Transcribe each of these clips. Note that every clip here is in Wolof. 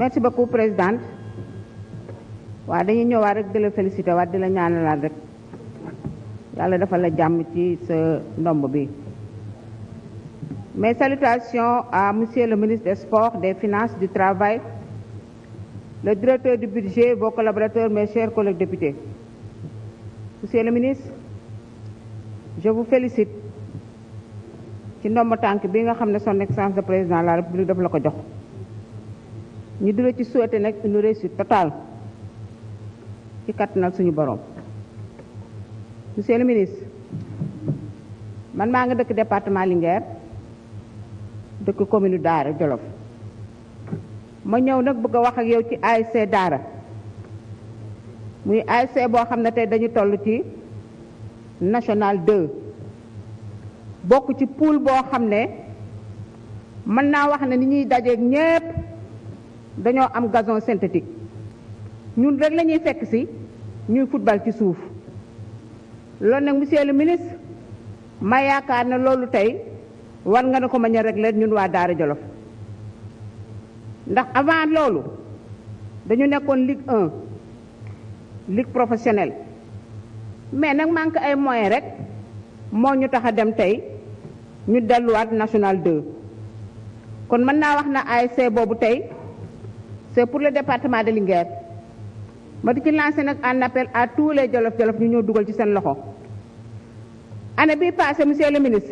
merci beaucoup président waaw dañuy ñëwaat rek di la féliciter waat di la ñaanalaat rek yàlla dafa la jàmm ci sa ndomb bi mais salutations à monsieur le ministre des sports des finances du travail le directeur du budget vos collaborateurs mais cher collègues députés monsieur le ministre je vous félicite ci ndomb tànk bi nga xam ne son excellence de président la république daf la ko jox ñu di ci souhaité nag une réussite totale ci kattanal suñu borom monsieur le ministre man maa nga dëkk département Linguère dëkk commune Daara Jolof ma ñëw nag bëgg a wax ak yow ci ASC Daara muy ASC boo xam ne tey dañu toll ci national de bokk ci pool boo xam ne mën naa wax ne ni ñuy dajeeg ñépp dañoo am gazon synthétique ñun rek lañuy ñuy fekk si ñuy football ci suuf loolu nag monsieur ministre ma yaakaar ne loolu tey war nga ne ko mañ a régler ñun waa Daara Jolof ndax avant loolu dañu nekkoon ligue 1 ligue professionnelle mais nag manque ay moyen rek moo ñu tax a dem tey ñu delluwaat national 2 kon mën naa wax na ay ASC boobu tey c'est pour le département de Linguère ma di ci lancé nag un appel à tous les jolof-jolof ñu ñëw dugal ci seen loxo année bii passé monsieur le ministre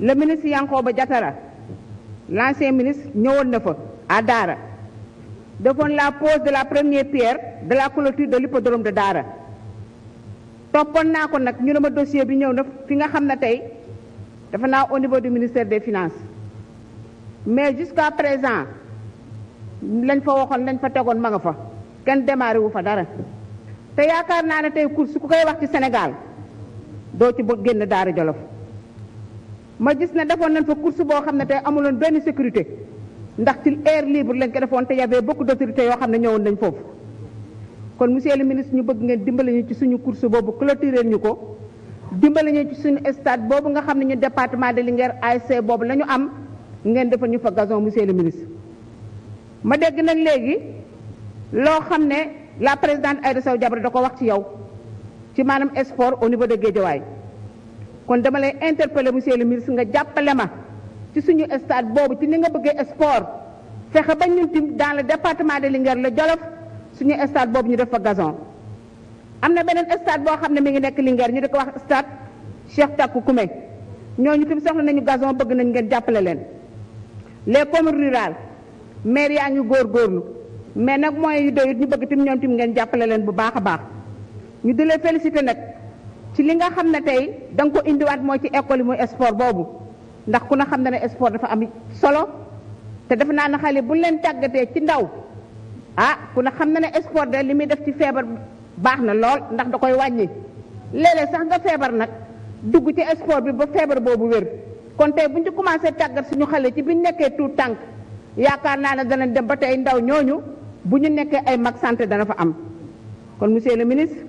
le ministre Yankhoba Diattara l'ancien ministre ñëwoon na fa à Daara defoon la pose de la première pierre de la clôture de l'hippodrome de Daara toppoon naa ko nag ñu ne ma dossier bi ñëw na fi nga xam ne tey dafa naa au niveau de ministère des finance mais jusqu'à présent lañ fa waxoon lañ fa tegoon ma nga fa kenn démarré wu fa dara te yaakaar naa ne tey course ku koy wax ci senegaal doo ci bëgg génn daari Jolof ma gis ne defoon nañ fa course boo xam ne tey amuloon benn sécurité ndax ci air libre lañ ko defoon te y avait beaucoup d'autorités yoo xam ne ñëwoon nañ foofu kon monsieur le ministre ñu bëgg ngeen dimbali ñu ci suñu course boobu clôturer ñu ko dimbali ñu ci suñu stade boobu nga xam ne ñu département de li ASC boobu la ñu ngeen defal ñu fa gazon monsieur le ministre ma dégg nag léegi loo xam ne la présidente Aïda Sow jabar da ko wax ci yow ci maanaam sport au niveau de Guédiawaye kon dama lay interpeller monsieur le ministre nga jàppale ma ci suñu stade boobu ci li nga bëggee sport fexe ba ñun tim dans le département de Linguère la Jolof suñu stade boobu ñu def fa gazon am na beneen stade boo xam ne mi ngi nekk Linguère ñu di ko wax stade Cheikh Taku Koumé ñooñu tim soxla nañu gazon bëgg nañ ngeen jàppale leen les communes rurales maire yaa ngi góorlu mais nag mooy yu doyut ñu bëgg tim ñoom tim ngeen jàppale leen bu baax a baax ñu di la félicité nag ci li nga xam ne tey danga ko indiwaat mooy ci école yi muy sport boobu ndax ku ne xam ne ne sport dafa am solo te defe naa ne xale bu leen tàggatee ci ndaw ah ku ne xam na ne sport de li muy def ci feebar baax na lool ndax da koy wàññi léeg-léeg sax nga feebar nag dugg ci sport bi ba feebar boobu wér kon tey bu ñu commencé tàggat suñu xale ci biñ nekkee tout tànk yaakaar naa ne dana dem ba tey ndaw ñooñu bu ñu nekkee ay mag santé dana fa am kon monsieur le ministre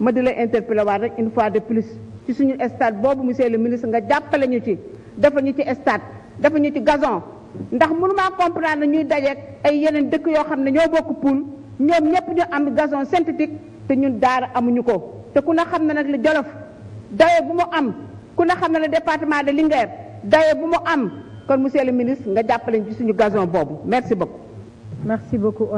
ma di la interpellé waat rek une fois de plus ci suñu stade boobu monsieur le ministre nga jàppale ñu ci dafa ñu ci stade dafa ñu ci gazon ndax mënumaa na ñuy dajeek ay yeneen dëkk yoo xam ne ñoo bokk poul ñoom ñëpp ñu am gazon synthétique te ñun daara amuñu ko te ku ne xam ne nag la Jolof daye bu mu am ku ne xam ne le département de Linguère daye bu mu am kon monsieur le ministre nga jàppale ci suñu gazon boobu merci beaucoup merci beaucoup